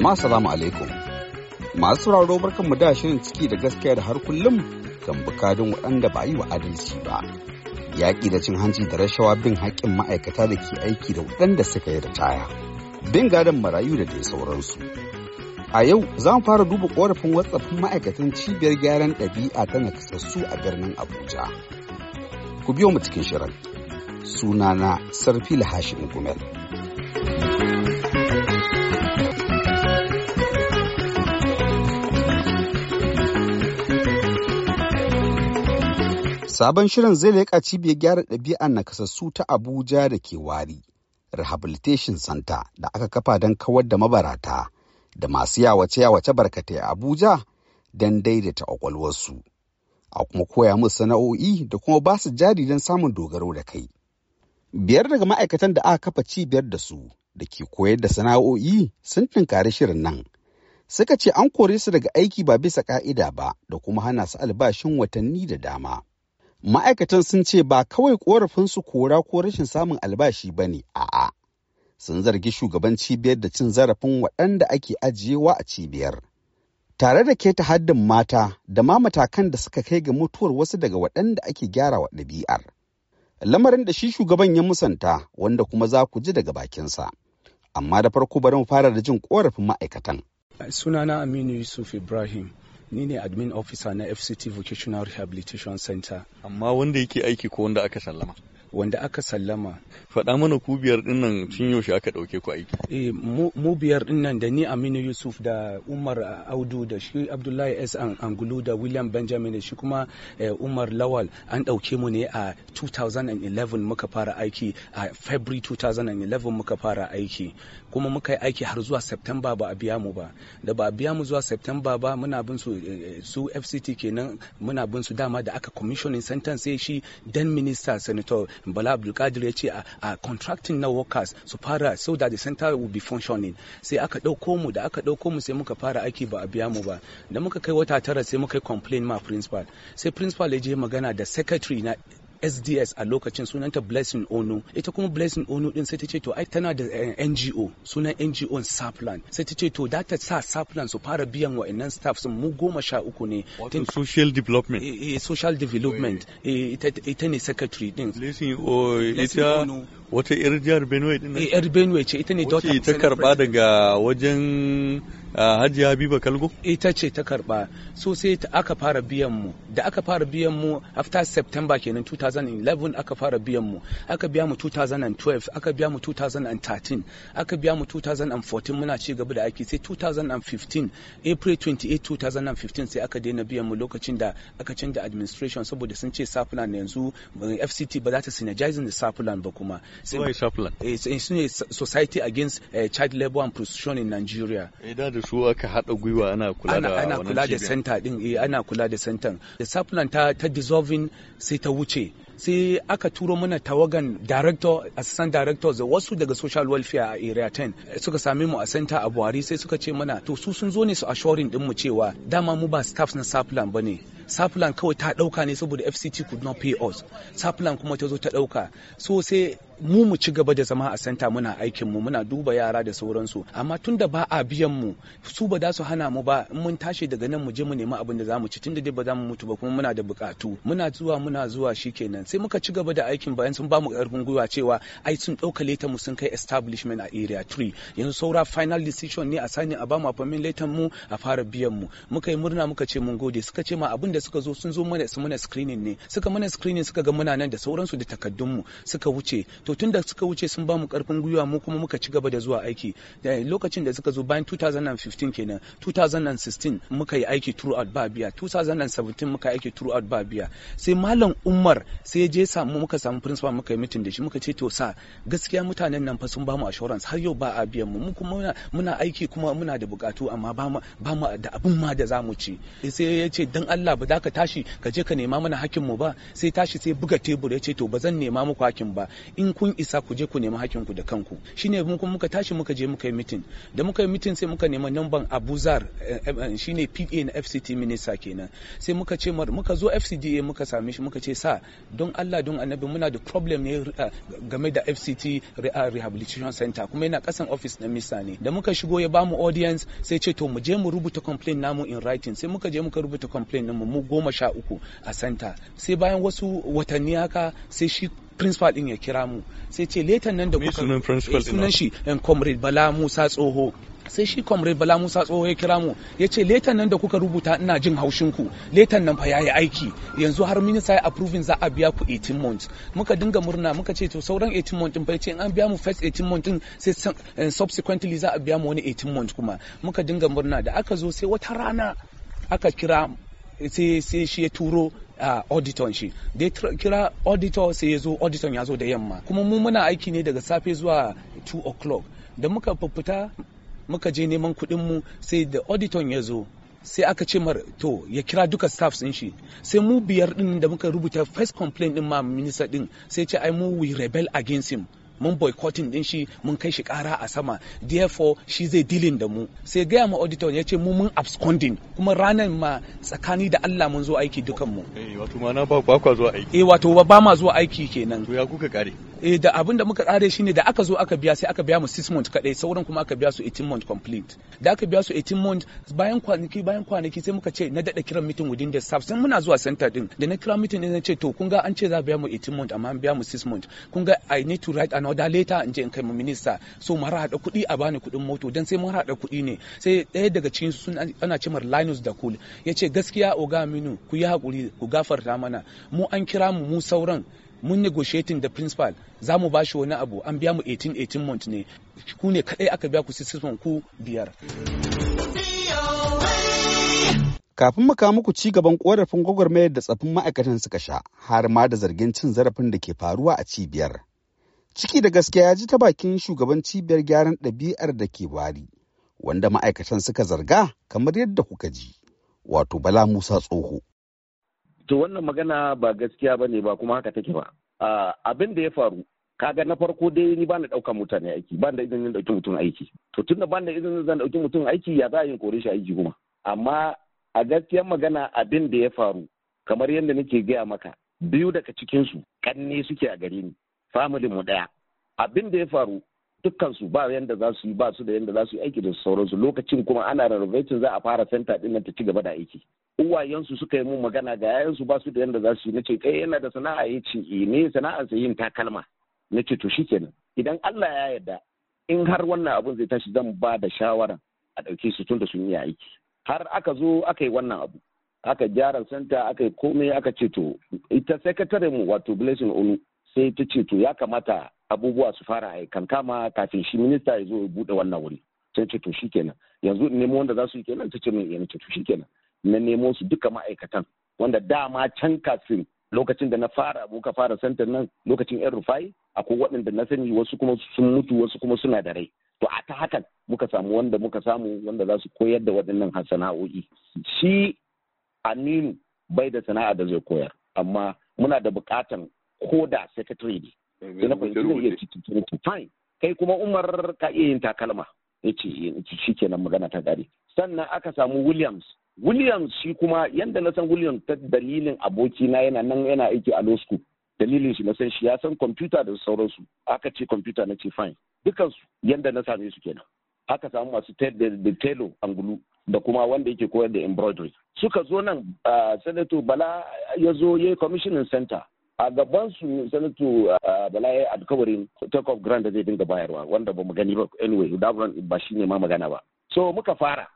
jama'a salamu alaikum masu sauraro barkanmu da shirin ciki da gaskiya da har kullum kan bukadin waɗanda ba yi wa adalci ba yaƙi da cin hanci da rashawa bin haƙƙin ma'aikata da ke aiki da waɗanda suka yi ritaya bin gadon marayu da dai sauransu a yau za mu fara duba ƙorafin watsafin ma'aikatan cibiyar gyaran ɗabi'a ta nakasassu a birnin abuja ku biyo mu cikin shirin sunana sarfi hashim gumel Sabon shirin zai leƙa cibiyar gyara ɗabi'ar nakasassu ta Abuja da ke wari, Rehabilitation Center da aka kafa don kawar da mabarata da masu yawace-yawace barkatai a Abuja don daidaita ƙwaƙwalwarsu. A kuma koya musu sana'o'i da kuma ba su jari don samun dogaro da kai. Biyar daga ma'aikatan da aka kafa cibiyar da su da ke koyar da sana'o'i sun tunkari shirin nan. Suka ce an kore su daga aiki ba bisa ka'ida ba da kuma hana su albashin watanni da dama. Ma'aikatan sun ce ba kawai su kora ko rashin samun albashi ba ne, a'a. Sun zargi shugaban cibiyar da cin zarafin waɗanda ake ajiyewa a cibiyar. Tare da keta haddin mata da ma matakan da suka kai ga mutuwar wasu daga waɗanda ake gyara wa ɗabi'ar. Lamarin da shi shugaban ya musanta wanda kuma za ku ji daga bakinsa. Amma da farko bari mu fara da jin korafin ma'aikatan. Sunana Aminu Yusuf Ibrahim. ni ne admin officer na fct vocational rehabilitation center amma wanda yake aiki ko wanda aka sallama wanda aka sallama. Faɗa mana ku biyar ɗin nan tun yaushe aka ɗauke ku aiki. Eh mu biyar ɗin nan da ni Aminu Yusuf da Umar Audu da shi Abdullahi S Angulu da William Benjamin da shi kuma eh, Umar Lawal an ɗauke mu ne a 2011 muka fara aiki a February 2011 muka fara aiki kuma muka yi aiki har zuwa September ba a biya mu ba da ba a biya mu zuwa September ba muna bin su eh, eh, su FCT kenan muna bin su dama da aka commissioning sentence shi dan minister senator Bala Abdulkadir ya ce a contracting na workers su fara so that the center will be functioning sai aka ɗauko mu da aka ɗauko mu sai muka fara aiki ba a biya mu ba da muka kai wata tara sai muka complain ma principal sai principal ya je magana da secretary na sds a lokacin sunanta blessing ono ita kuma blessing ono din sai ta ce to ai tana da eh, ngo sunan ngo saplan sai ta ce to da ta sa saplan su fara biyan wa'annan staff sun mu goma sha uku ne social development eh, eh, social development ita ne secretary din blessing ita wata yar jihar benue din nan yar benue ce ita ne daughter ta karba daga wajen hajji habiba kalgo ita ce ta karba so sai ta aka fara biyan mu da aka fara biyan mu after september kenan 2011 aka fara biyan mu aka biya mu 2012 aka biya mu 2013 aka biya mu 2014 muna ci gaba da aiki sai 2015 april 28 2015 sai aka daina biyan mu lokacin da aka canza administration saboda sun ce safulan yanzu fct ba za ta synergizing da safulan ba kuma Why Chaplain? It's ne Society Against uh, Child Labor and Prostitution in Nigeria. Idan da su aka haɗa gwiwa ana kula da ana kula da center din eh ana kula da center. Da Chaplain ta ta dissolving sai ta wuce. Sai aka turo mana tawagan director assistant director da wasu daga social welfare a area 10 suka same mu a center a Buhari sai suka ce mana to su sun zo ne su assuring din mu cewa dama mu ba staff na ba bane. Saplan kawai ta ɗauka ne saboda FCT could not pay us. Saplan kuma ta zo ta ɗauka. So sai mu mu ci gaba da zama a santa muna aikin mu muna duba yara da sauransu amma tunda da ba a biyan mu su ba za su hana mu ba in mun tashi daga nan mu je mu nemi abin da za mu ci tun da dai ba za mu mutu ba kuma muna da bukatu muna zuwa muna zuwa shikenan sai muka ci gaba da aikin bayan sun ba mu karfin gwiwa cewa ai sun dauka leta mu sun kai establishment a area 3 yanzu saura final decision ne a sani a ba mu famin letan mu a fara biyan mu muka yi murna muka ce mun gode suka ce ma abin da da suka zo sun zo mana su mana screening ne suka mana screening suka ga muna nan da sauransu da takaddunmu suka wuce to tun da suka wuce sun ba mu karfin gwiwa mu kuma muka ci gaba da zuwa aiki da eh, lokacin da suka zo bayan 2015 kenan 2016 muka yi aiki throughout babia 2017 muka yi aiki throughout ba biya sai malam Umar sai je samu muka samu principal muka yi meeting da shi muka ce to sa gaskiya mutanen nan fa sun ba mu assurance har yau ba a biyan mu mu kuma muna aiki kuma muna da bukatu amma ba mu da abin ma da zamu ci sai ya ce dan Allah ba da ka tashi ka je ka nema mana hakkin mu ba sai tashi sai buga tebur ya ce to ba zan nema muku hakkin ba in kun isa ku je ku nema hakkin ku da kanku shine mun kuma muka tashi muka je muka yi mitin da muka yi mitin sai muka nema namban Abuzar eh, eh, shine PA na FCT minister kenan sai muka ce muka zo FCDA muka same shi muka ce sa don Allah don Annabi muna da problem ne eh, game da FCT ah, rehabilitation center kuma yana kasan office na misa ne da muka shigo ya bamu audience sai ce to mu je mu rubuta complaint namu in writing sai muka je muka rubuta complaint namu mu goma sha uku a santa sai bayan wasu watanni haka sai shi principal din ya kira mu sai ce letan nan da kuka sunan eh, shi eh, comrade bala musa tsoho sai shi comrade bala musa tsoho ya kira mu ya ce letan nan da kuka rubuta ina jin haushinku letan nan fa ya yi aiki yanzu har minista ya approving za a biya ku 18 months muka dinga murna muka ce to sauran 18 months din fa ce an biya mu first 18 months din sai eh, subsequently za a biya mu wani 18 months kuma muka dinga murna da aka zo sai wata rana aka kira sai shi ya turo a auditor shi da ya kira auditor sai ya zo auditor ya zo da yamma kuma mu muna aiki ne daga safe zuwa 2 o'clock da muka fita muka je neman kuɗin mu sai da auditor ya zo sai aka ce mar to ya kira duka staff din shi sai mu biyar din da muka rubuta first complaint din ma minister din sai ce ai mu we rebel against him mun boycotting din shi mun kai shi kara a sama therefore shi zai dilin da mu sai gaya ma auditor ya ce mu mun absconding kuma ranar ma tsakani da Allah mun zo aiki dukan mu eh wato ma na ba kwa zuwa aiki eh wato ba ma zuwa aiki kenan to ya kuka kare E da abin da muka kare shine da aka zo aka biya sai aka biya mu 6 month kadai sauran kuma aka biya su 18 month complete da aka biya su 18 month bayan kwanaki bayan kwanaki sai muka ce na dada kiran meeting within the staff sai muna zuwa center din da na kira meeting din ce to kun ga an ce za biya mu 18 month amma an biya mu 6 month kun ga i need to write another letter in je in kai mu minister so mu hada kuɗi a bani kuɗin moto dan sai mun hada kuɗi ne sai daya daga cikin su ana ce mar Linus da Cool yace gaskiya oga minu ku yi hakuri ku gafarta mana mu an kira mu mu sauran mun negotiating da principal za mu bashi wani abu an biya mu 18 18 month ne ku ne kadai aka biya ku sisifon ku biyar kafin mu kawo muku ci gaban korafin gwagwarmayar da tsafin ma'aikatan suka sha har ma da zargin cin zarafin da ke faruwa a cibiyar ciki da gaskiya ya ji ta bakin shugaban cibiyar gyaran ɗabi'ar da ke wari wanda ma'aikatan suka zarga kamar yadda kuka ji wato bala musa tsoho To wannan magana ba gaskiya ba ne ba kuma haka take ba. Abin da ya faru kaga na farko dai ni bani daukan mutane aiki bani da izinin dauki mutum aiki to tunda bani da izinin zan dauki mutum aiki ya za a yin kore shi aiki kuma amma a gaskiyar magana abin da ya faru kamar yadda nake gaya maka biyu daga cikin su kanne suke a gare ni family mu daya abin da ya faru dukkansu ba yadda za su yi ba su da yadda za su yi aiki da sauransu lokacin kuma ana renovation za a fara senta din nan ta ci gaba da aiki uwayensu suka yi mun magana ga yayansu ba su da yadda za su yi nace kai yana da sana'a ya ce ne eh, sana'a sai yin takalma nace to shikenan idan Allah ya yarda in har wannan abun zai tashi zan ba da shawara a dauke su tun da sun yi aiki har aka zo aka yi wannan abu aka gyara santa aka yi komai aka ce to ita sakataren mu wato blessing onu sai ta ce to ya kamata abubuwa su fara aikanta ma kafin shi minista ya zo ya buɗe wannan wuri sai ce to shikenan yanzu nemo wanda za su yi kenan ta ce mai yana eh, ta to shikenan na nemo su duka ma'aikatan wanda dama can kafin lokacin da na fara muka fara santar nan lokacin yan rufai akwai waɗanda na sani wasu kuma sun mutu wasu kuma suna da rai to a ta hakan muka samu wanda muka samu wanda za su koyar da waɗannan sana'o'i shi aminu bai da sana'a da zai koyar amma muna da buƙatan ko da secretary ne na fahimci fine kai kuma umar ka iya yin takalma ya ce eh, shi kenan magana ta gare sannan aka samu williams williams shi kuma yanda na san williams ta dalilin abokina yana nan yana aiki a law school dalilin shi na san shi ya san kwamfuta da sauransu aka ce kwamfuta na ce fine dukansu yadda na same su kenan aka samu masu da telo angulu da kuma wanda yake koyar da embroidery suka zo nan ah, senator bala ya zo ya yi commissioning center a gaban su sanato uh, balaye alkawarin take Grand da zai dinga bayarwa wanda ba mu gani ba anyway ba shi ne ma magana ba so muka fara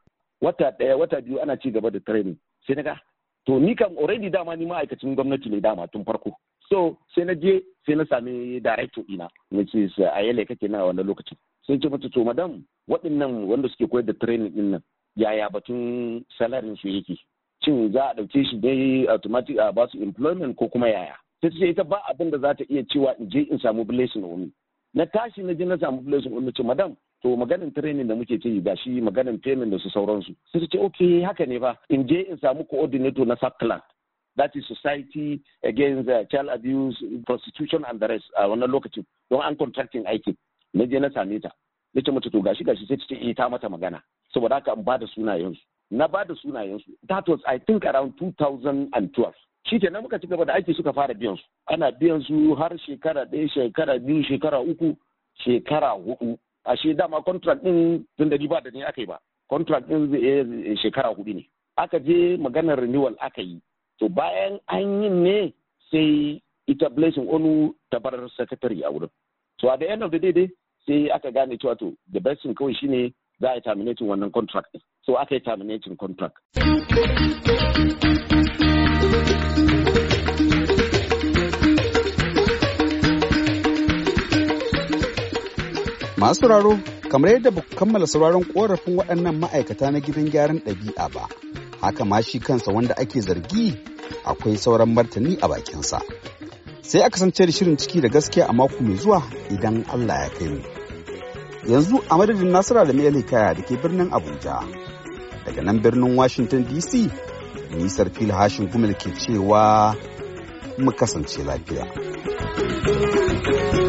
wata daya wata biyu ana ci gaba da training sai na ga to ni kam already dama ni ma'aikacin gwamnati ne dama tun farko so sai na je sai na sami director ina which a uh, ayele kake na wannan lokacin Sai ce mata to madam waɗannan wanda suke koyar da training din nan yaya batun salarin su yake Cin za a ɗauke shi dai automatic a basu employment ko kuma yaya ta ce ita ba abin da za ta iya cewa in je in samu blessing omi na tashi na je na samu blessing omi ce madam to maganin training da muke yi gashi maganin payment da su sauransu sai ta ce okay haka ne ba in je in samu coordinator na subclan that is society against uh, child abuse prostitution and the rest a wannan lokacin don an contracting aikin na je na same ta na ce mata to gashi gashi sai ta ce eh, ta mata magana saboda haka in ba da sunayensu na ba da sunayensu that was i think around 2012 shi kenan muka ci gaba da aiki suka fara biyan su ana biyan su har shekara ɗaya shekara biyu shekara uku shekara hudu ashe dama contract din tun da ba da ne aka yi ba contract din shekara hudu ne aka je maganar renewal aka yi to bayan an yi ne sai ita blessing onu ta secretary a wurin so at the end of the day dai sai aka gane cewa to the best thing kawai shine za a yi terminating wannan contract so aka yi terminating contract Masu sauraro, kamar yadda ba kammala sauraron korafin waɗannan ma'aikata na gidan gyaran ɗabi'a ba, haka ma shi kansa wanda ake zargi akwai sauran martani a bakinsa. Sai a kasance da shirin ciki da gaskiya a mako mai zuwa idan Allah ya kai mu. Yanzu a madadin Nasira da Mai Kaya da ke birnin Abuja, daga nan birnin Washington DC, nisar fil hashin gumil ke cewa mu kasance lafiya. thank you